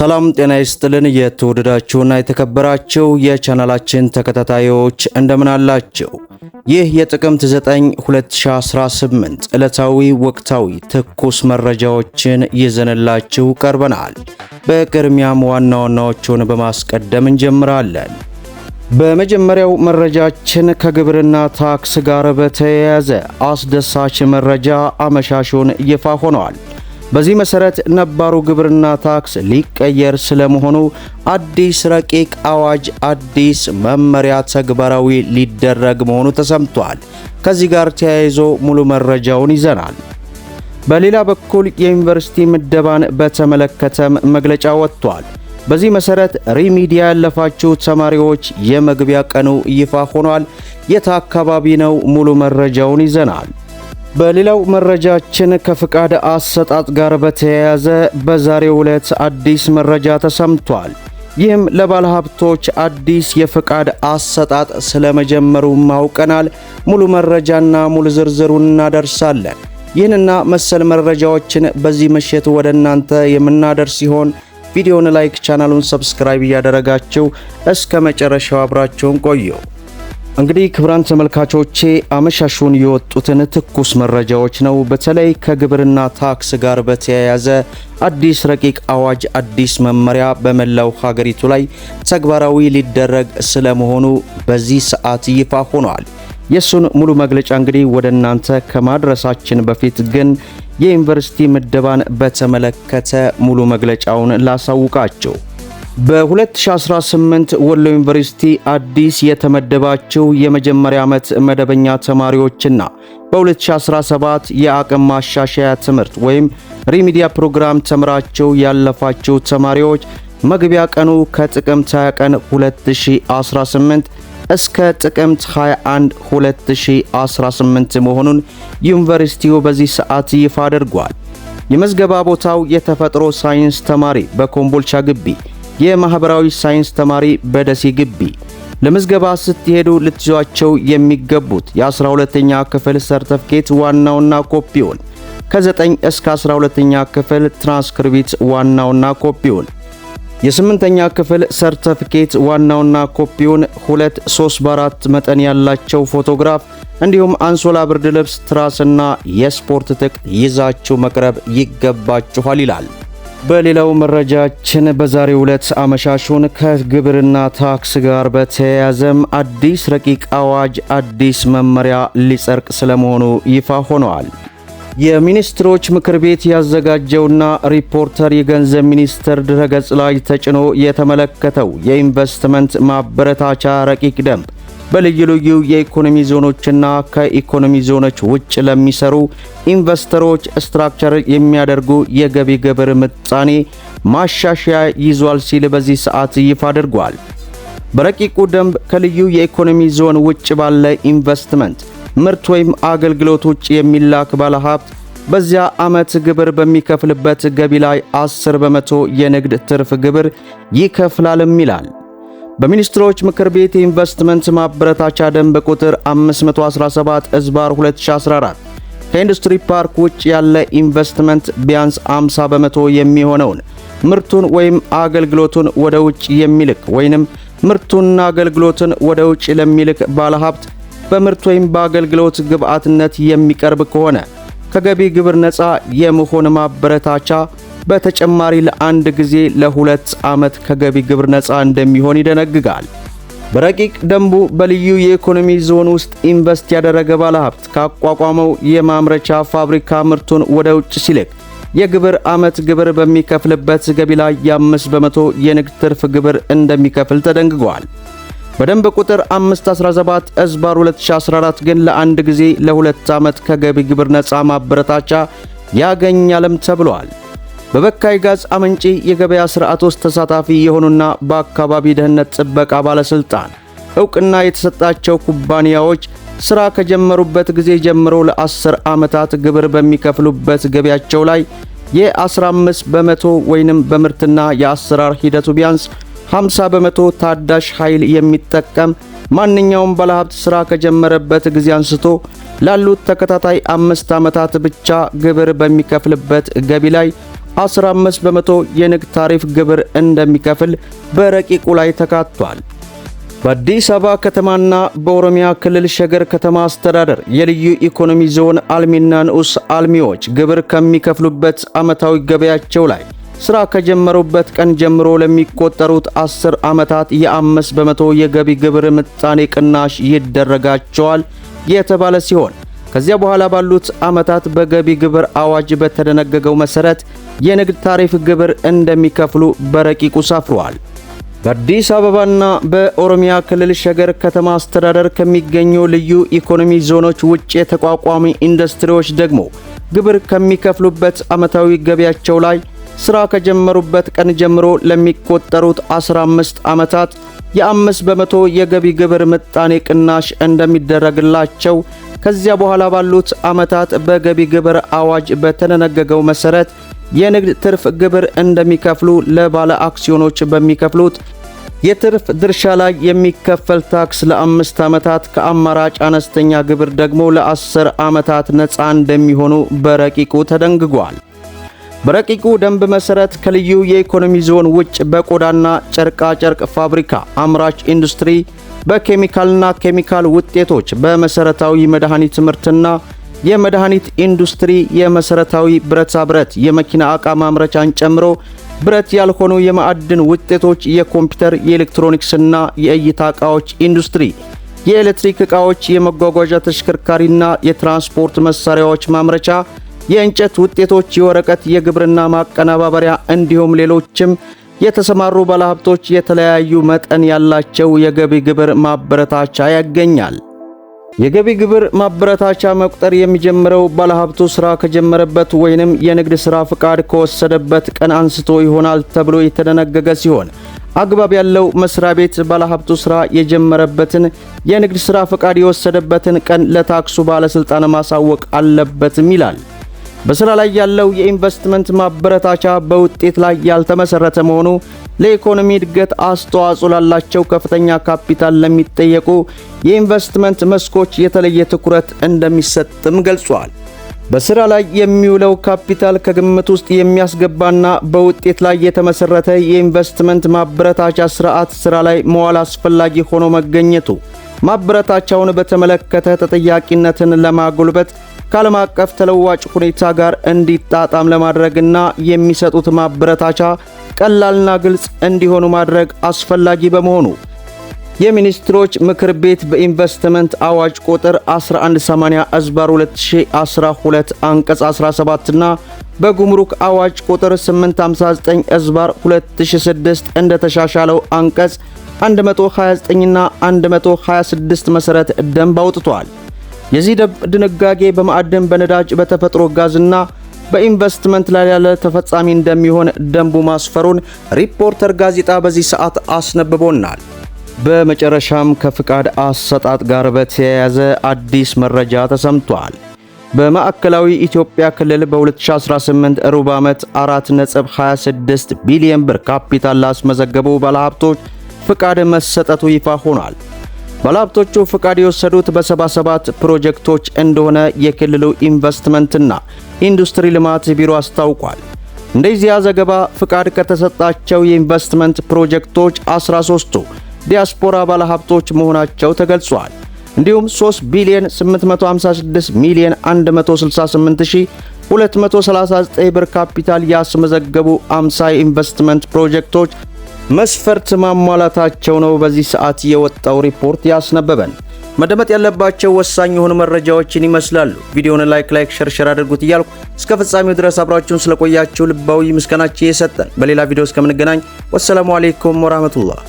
ሰላም ጤና ይስጥልን። የተወደዳችሁና የተከበራችሁ የቻናላችን ተከታታዮች እንደምን አላችሁ? ይህ የጥቅምት 9 2018 ዕለታዊ ወቅታዊ ትኩስ መረጃዎችን ይዘንላችሁ ቀርበናል። በቅድሚያም ዋና ዋናዎቹን በማስቀደም እንጀምራለን። በመጀመሪያው መረጃችን ከግብርና ታክስ ጋር በተያያዘ አስደሳች መረጃ አመሻሹን ይፋ ሆኗል። በዚህ መሰረት ነባሩ ግብርና ታክስ ሊቀየር ስለመሆኑ አዲስ ረቂቅ አዋጅ፣ አዲስ መመሪያ ተግባራዊ ሊደረግ መሆኑ ተሰምቷል። ከዚህ ጋር ተያይዞ ሙሉ መረጃውን ይዘናል። በሌላ በኩል የዩኒቨርሲቲ ምደባን በተመለከተም መግለጫ ወጥቷል። በዚህ መሰረት ሪሚዲያ ያለፋችሁ ተማሪዎች የመግቢያ ቀኑ ይፋ ሆኗል። የት አካባቢ ነው? ሙሉ መረጃውን ይዘናል። በሌላው መረጃችን ከፍቃድ አሰጣጥ ጋር በተያያዘ በዛሬው ዕለት አዲስ መረጃ ተሰምቷል። ይህም ለባለሀብቶች አዲስ የፍቃድ አሰጣጥ ስለመጀመሩ ማውቀናል። ሙሉ መረጃና ሙሉ ዝርዝሩን እናደርሳለን። ይህንና መሰል መረጃዎችን በዚህ ምሽት ወደ እናንተ የምናደርስ ሲሆን ቪዲዮን ላይክ፣ ቻናሉን ሰብስክራይብ እያደረጋችሁ እስከ መጨረሻው አብራችሁን ቆየው። እንግዲህ ክቡራን ተመልካቾቼ አመሻሹን የወጡትን ትኩስ መረጃዎች ነው። በተለይ ከግብርና ታክስ ጋር በተያያዘ አዲስ ረቂቅ አዋጅ፣ አዲስ መመሪያ በመላው ሀገሪቱ ላይ ተግባራዊ ሊደረግ ስለመሆኑ በዚህ ሰዓት ይፋ ሆኗል። የእሱን ሙሉ መግለጫ እንግዲህ ወደ እናንተ ከማድረሳችን በፊት ግን የዩኒቨርሲቲ ምደባን በተመለከተ ሙሉ መግለጫውን ላሳውቃቸው። በ2018 ወሎ ዩኒቨርሲቲ አዲስ የተመደባቸው የመጀመሪያ ዓመት መደበኛ ተማሪዎችና በ2017 የአቅም ማሻሻያ ትምህርት ወይም ሪሚዲያ ፕሮግራም ተምራቸው ያለፋቸው ተማሪዎች መግቢያ ቀኑ ከጥቅምት 20 ቀን 2018 እስከ ጥቅምት 21 2018 መሆኑን ዩኒቨርሲቲው በዚህ ሰዓት ይፋ አድርጓል። የመዝገባ ቦታው የተፈጥሮ ሳይንስ ተማሪ በኮምቦልቻ ግቢ የማህበራዊ ሳይንስ ተማሪ በደሴ ግቢ ለምዝገባ ስትሄዱ ልትይዟቸው የሚገቡት የ12ኛ ክፍል ሰርተፍኬት ዋናውና ኮፒውን ከ9 እስከ 12ኛ ክፍል ትራንስክሪቢት ዋናውና ኮፒውን የስምንተኛ ክፍል ሰርተፍኬት ዋናውና ኮፒውን ሁለት 3 በአራት መጠን ያላቸው ፎቶግራፍ እንዲሁም አንሶላ፣ ብርድ ልብስ፣ ትራስና የስፖርት ጥቅ ይዛችሁ መቅረብ ይገባችኋል ይላል። በሌላው መረጃችን በዛሬው ዕለት አመሻሹን ከግብርና ታክስ ጋር በተያያዘም አዲስ ረቂቅ አዋጅ አዲስ መመሪያ ሊጸድቅ ስለመሆኑ ይፋ ሆነዋል። የሚኒስትሮች ምክር ቤት ያዘጋጀውና ሪፖርተር የገንዘብ ሚኒስቴር ድረገጽ ላይ ተጭኖ የተመለከተው የኢንቨስትመንት ማበረታቻ ረቂቅ ደንብ በልዩ ልዩ የኢኮኖሚ ዞኖችና ከኢኮኖሚ ዞኖች ውጭ ለሚሰሩ ኢንቨስተሮች ስትራክቸር የሚያደርጉ የገቢ ግብር ምጣኔ ማሻሻያ ይዟል ሲል በዚህ ሰዓት ይፋ አድርጓል። በረቂቁ ደንብ ከልዩ የኢኮኖሚ ዞን ውጭ ባለ ኢንቨስትመንት ምርት ወይም አገልግሎት ውጭ የሚላክ ባለሀብት በዚያ ዓመት ግብር በሚከፍልበት ገቢ ላይ 10 በመቶ የንግድ ትርፍ ግብር ይከፍላልም ይላል። በሚኒስትሮች ምክር ቤት የኢንቨስትመንት ማበረታቻ ደንብ ቁጥር 517 እዝባር 2014 ከኢንዱስትሪ ፓርክ ውጭ ያለ ኢንቨስትመንት ቢያንስ 50 በመቶ የሚሆነውን ምርቱን ወይም አገልግሎቱን ወደ ውጭ የሚልክ ወይንም ምርቱንና አገልግሎትን ወደ ውጭ ለሚልክ ባለሀብት በምርት ወይም በአገልግሎት ግብዓትነት የሚቀርብ ከሆነ ከገቢ ግብር ነፃ የመሆን ማበረታቻ በተጨማሪ ለአንድ ጊዜ ለሁለት ዓመት ከገቢ ግብር ነፃ እንደሚሆን ይደነግጋል። በረቂቅ ደንቡ በልዩ የኢኮኖሚ ዞን ውስጥ ኢንቨስት ያደረገ ባለሀብት ካቋቋመው የማምረቻ ፋብሪካ ምርቱን ወደ ውጭ ሲልክ የግብር ዓመት ግብር በሚከፍልበት ገቢ ላይ የአምስት በመቶ የንግድ ትርፍ ግብር እንደሚከፍል ተደንግጓል። በደንብ ቁጥር 517 እዝባር 2014 ግን ለአንድ ጊዜ ለሁለት ዓመት ከገቢ ግብር ነፃ ማበረታቻ ያገኛልም ተብሏል። በበካይ ጋዝ አመንጪ የገበያ ስርዓት ውስጥ ተሳታፊ የሆኑና በአካባቢ ደህንነት ጥበቃ ባለስልጣን ዕውቅና የተሰጣቸው ኩባንያዎች ስራ ከጀመሩበት ጊዜ ጀምሮ ለአስር ዓመታት ግብር በሚከፍሉበት ገቢያቸው ላይ የ15 በመቶ ወይንም በምርትና የአሰራር ሂደቱ ቢያንስ 50 በመቶ ታዳሽ ኃይል የሚጠቀም ማንኛውም ባለሀብት ሥራ ከጀመረበት ጊዜ አንስቶ ላሉት ተከታታይ አምስት ዓመታት ብቻ ግብር በሚከፍልበት ገቢ ላይ 15 በመቶ የንግድ ታሪፍ ግብር እንደሚከፍል በረቂቁ ላይ ተካቷል። በአዲስ አበባ ከተማና በኦሮሚያ ክልል ሸገር ከተማ አስተዳደር የልዩ ኢኮኖሚ ዞን አልሚና ንዑስ አልሚዎች ግብር ከሚከፍሉበት ዓመታዊ ገበያቸው ላይ ሥራ ከጀመሩበት ቀን ጀምሮ ለሚቆጠሩት 10 ዓመታት የአምስት በመቶ የገቢ ግብር ምጣኔ ቅናሽ ይደረጋቸዋል የተባለ ሲሆን ከዚያ በኋላ ባሉት ዓመታት በገቢ ግብር አዋጅ በተደነገገው መሠረት የንግድ ታሪፍ ግብር እንደሚከፍሉ በረቂቁ ሰፍሯል። በአዲስ አበባና በኦሮሚያ ክልል ሸገር ከተማ አስተዳደር ከሚገኙ ልዩ ኢኮኖሚ ዞኖች ውጭ የተቋቋሚ ኢንዱስትሪዎች ደግሞ ግብር ከሚከፍሉበት ዓመታዊ ገቢያቸው ላይ ሥራ ከጀመሩበት ቀን ጀምሮ ለሚቆጠሩት 15 ዓመታት የአምስት በመቶ የገቢ ግብር ምጣኔ ቅናሽ እንደሚደረግላቸው ከዚያ በኋላ ባሉት ዓመታት በገቢ ግብር አዋጅ በተደነገገው መሰረት የንግድ ትርፍ ግብር እንደሚከፍሉ ለባለ አክሲዮኖች በሚከፍሉት የትርፍ ድርሻ ላይ የሚከፈል ታክስ ለአምስት ዓመታት ከአማራጭ አነስተኛ ግብር ደግሞ ለአስር ዓመታት ነፃ እንደሚሆኑ በረቂቁ ተደንግጓል። በረቂቁ ደንብ መሠረት ከልዩ የኢኮኖሚ ዞን ውጭ በቆዳና ጨርቃ ጨርቅ ፋብሪካ አምራች ኢንዱስትሪ በኬሚካልና ኬሚካል ውጤቶች በመሰረታዊ መድኃኒት ትምህርትና የመድኃኒት ኢንዱስትሪ የመሰረታዊ ብረታ ብረት የመኪና ዕቃ ማምረቻን ጨምሮ ብረት ያልሆኑ የማዕድን ውጤቶች፣ የኮምፒውተር፣ የኤሌክትሮኒክስና የእይታ ዕቃዎች ኢንዱስትሪ፣ የኤሌክትሪክ ዕቃዎች፣ የመጓጓዣ ተሽከርካሪና የትራንስፖርት መሳሪያዎች ማምረቻ፣ የእንጨት ውጤቶች፣ የወረቀት፣ የግብርና ማቀነባበሪያ እንዲሁም ሌሎችም የተሰማሩ ባለሀብቶች የተለያዩ መጠን ያላቸው የገቢ ግብር ማበረታቻ ያገኛል። የገቢ ግብር ማበረታቻ መቁጠር የሚጀምረው ባለሀብቱ ሥራ ከጀመረበት ወይንም የንግድ ሥራ ፍቃድ ከወሰደበት ቀን አንስቶ ይሆናል ተብሎ የተደነገገ ሲሆን አግባብ ያለው መስሪያ ቤት ባለሀብቱ ሥራ የጀመረበትን የንግድ ሥራ ፍቃድ የወሰደበትን ቀን ለታክሱ ባለሥልጣን ማሳወቅ አለበትም ይላል። በስራ ላይ ያለው የኢንቨስትመንት ማበረታቻ በውጤት ላይ ያልተመሰረተ መሆኑ ለኢኮኖሚ እድገት አስተዋጽኦ ላላቸው ከፍተኛ ካፒታል ለሚጠየቁ የኢንቨስትመንት መስኮች የተለየ ትኩረት እንደሚሰጥም ገልጿል። በስራ ላይ የሚውለው ካፒታል ከግምት ውስጥ የሚያስገባና በውጤት ላይ የተመሰረተ የኢንቨስትመንት ማበረታቻ ስርዓት ስራ ላይ መዋል አስፈላጊ ሆኖ መገኘቱ ማበረታቻውን በተመለከተ ተጠያቂነትን ለማጎልበት ከዓለም አቀፍ ተለዋጭ ሁኔታ ጋር እንዲጣጣም ለማድረግና የሚሰጡት ማበረታቻ ቀላልና ግልጽ እንዲሆኑ ማድረግ አስፈላጊ በመሆኑ የሚኒስትሮች ምክር ቤት በኢንቨስትመንት አዋጅ ቁጥር 1180 አዝባር 2012 አንቀጽ 17 እና በጉምሩክ አዋጅ ቁጥር 859 አዝባር 2006 እንደተሻሻለው አንቀጽ 129ና 126 መሠረት ደንብ አውጥቷል። የዚህ ድንጋጌ በማዕድን፣ በነዳጅ፣ በተፈጥሮ ጋዝና በኢንቨስትመንት ላይ ያለ ተፈጻሚ እንደሚሆን ደንቡ ማስፈሩን ሪፖርተር ጋዜጣ በዚህ ሰዓት አስነብቦናል። በመጨረሻም ከፍቃድ አሰጣጥ ጋር በተያያዘ አዲስ መረጃ ተሰምቷል። በማዕከላዊ ኢትዮጵያ ክልል በ2018 ሩብ ዓመት 4.26 ቢሊዮን ብር ካፒታል ላስመዘገቡ ባለሀብቶች ፍቃድ መሰጠቱ ይፋ ሆኗል። ባለሀብቶቹ ፍቃድ የወሰዱት በ77 ፕሮጀክቶች እንደሆነ የክልሉ ኢንቨስትመንትና ኢንዱስትሪ ልማት ቢሮ አስታውቋል። እንደዚያ ዘገባ ፍቃድ ከተሰጣቸው የኢንቨስትመንት ፕሮጀክቶች 13ቱ ዲያስፖራ ባለሀብቶች መሆናቸው ተገልጿል። እንዲሁም 3 ቢሊዮን 856 ሚሊዮን 168239 ብር ካፒታል ያስመዘገቡ 50 የኢንቨስትመንት ፕሮጀክቶች መስፈርት ማሟላታቸው ነው በዚህ ሰዓት የወጣው ሪፖርት ያስነበበን። መደመጥ ያለባቸው ወሳኝ የሆኑ መረጃዎችን ይመስላሉ። ቪዲዮውን ላይክ ላይክ ሸርሸር አድርጉት እያልኩ እስከ ፍጻሜው ድረስ አብራችሁን ስለቆያችሁ ልባዊ ምስጋናችን የሰጠን። በሌላ ቪዲዮ እስከምንገናኝ ወሰላሙ አሌይኩም ወራህመቱላህ